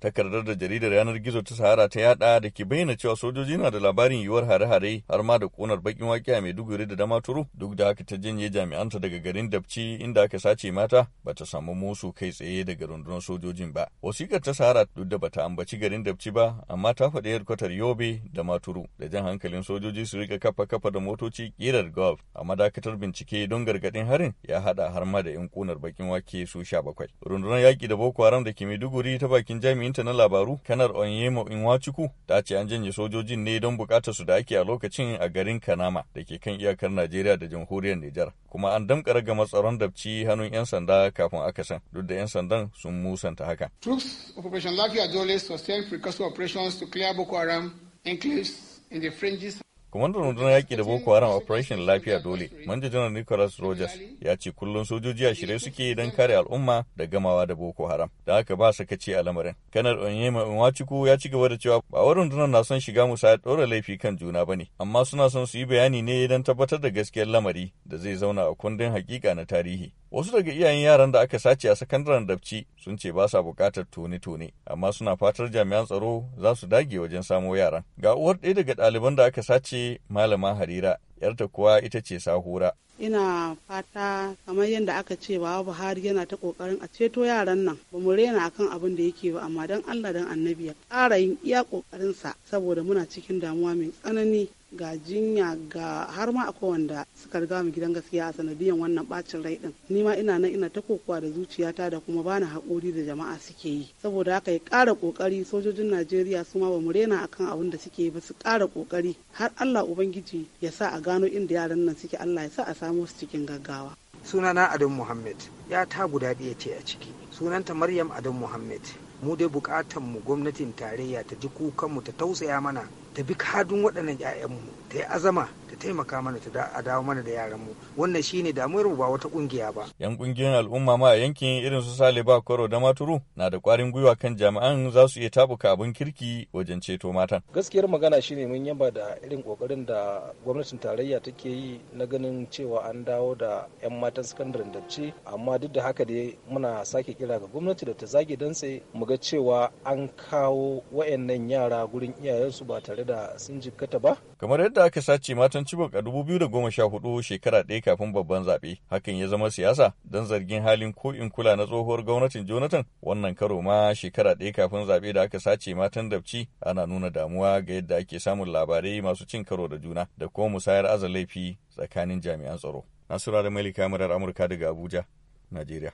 takardar da jaridar yanar gizo ta sahara ta yada da ke bayyana cewa sojoji na da labarin yiwuwar hare-hare har ma da konar bakin wake mai duguri da damaturu duk da haka ta janye jami'anta daga garin dabci inda aka sace mata ba ta samu musu kai tsaye daga rundunar sojojin ba wasikar ta sahara duk da bata ambaci garin dabci ba amma ta faɗi hedkwatar yobe da maturu da jan hankalin sojoji su rika kafa kafa da motoci kirar gov a madakatar bincike don gargadin harin ya haɗa har ma da 'yan konar bakin wake su sha bakwai rundunar yaƙi da boko haram da ke maiduguri ta bakin jami'in jami'inta na labaru kanar onyema inwachuku ta ce an janye sojojin ne don bukatar su da ake a lokacin a garin kanama da ke kan iyakar najeriya da jamhuriyar nijar kuma an damƙa ragamar tsaron dabci hannun 'yan sanda kafin akasan duk da 'yan sandan sun musanta haka troops of operation lafiya dole sustain precursor operations to clear boko haram enclaves in the fringes Kwamandan rundunar yaƙi da Boko Haram Operation Lafiya Dole, Manja Janar Nicholas Rogers ya ce kullum sojoji a shirye suke don kare al'umma da gamawa da Boko Haram, da haka ba sakaci a lamarin. Kanar Onyema Nwachukwu ya ci gaba da cewa ba wa rundunar na son shiga ya ɗora laifi kan juna ba ne, amma suna son su yi bayani ne don tabbatar da gaskiyar lamari da zai zauna a kundin hakika na tarihi. Wasu daga iyayen yaran da aka sace a sakandaren Dabci sun ce ba sa bukatar tone-tone, amma suna fatar jami'an tsaro za su dage wajen samo yaran. Ga uwar ɗaya daga ɗaliban da aka sace Malama Harira yarta kuwa ita ce sahura ina fata kamar yadda aka ce ba buhari yana ta kokarin a ceto yaran nan ba mu rena akan abin da yake ba amma dan allah dan annabi ya ƙara yin iya kokarinsa saboda muna cikin damuwa mai tsanani ga jinya ga har ma akwai wanda suka riga mu gidan gaskiya a sanadiyan wannan bacin rai din ni ma ina nan ina ta kokowa da zuciyata da kuma bani haƙuri da jama'a suke yi saboda haka ya kara kokari sojojin Najeriya su ma ba mu rena akan abin da suke yi ba su kara ƙoƙari har Allah ubangiji ya sa a gano inda yaran nan suke Allah ya sa a samu su cikin gaggawa sunana Adam Muhammad ya ta guda ɗaya ce a ciki sunanta Maryam Adam Muhammad mu dai bukatan mu gwamnatin tarayya ta ji kukan mu ta tausaya mana ta bi kadun waɗannan 'ya'yanmu ta yi azama ta taimaka mana ta a dawo mana da yaranmu wannan shine damuwar mu ba wata kungiya ba yan kungiyoyin al'umma ma a yankin irin su sale ba koro da maturu na da kwarin gwiwa kan jami'an za su iya tabuka abin kirki wajen ceto matan gaskiyar magana shine mun yaba da irin kokarin da gwamnatin tarayya take yi na ganin cewa an dawo da yan matan sakandaren dabce amma duk da haka dai muna sake kira ga gwamnati da ta zage dantse mu ga cewa an kawo wayannan yara gurin iyayensu ba tare tare da sun jikkata ba. Kamar yadda aka sace matan Chibok a 2014 shekara ɗaya kafin babban zaɓe, hakan ya zama siyasa don zargin halin ko in kula na tsohuwar gwamnatin Jonathan wannan karo ma shekara ɗaya kafin zaɓe da aka sace matan dabci ana nuna damuwa ga yadda ake samun labarai masu cin karo da juna da kuma musayar aza laifi tsakanin jami'an tsaro. Nasura da Malika Murar Amurka daga Abuja, Najeriya.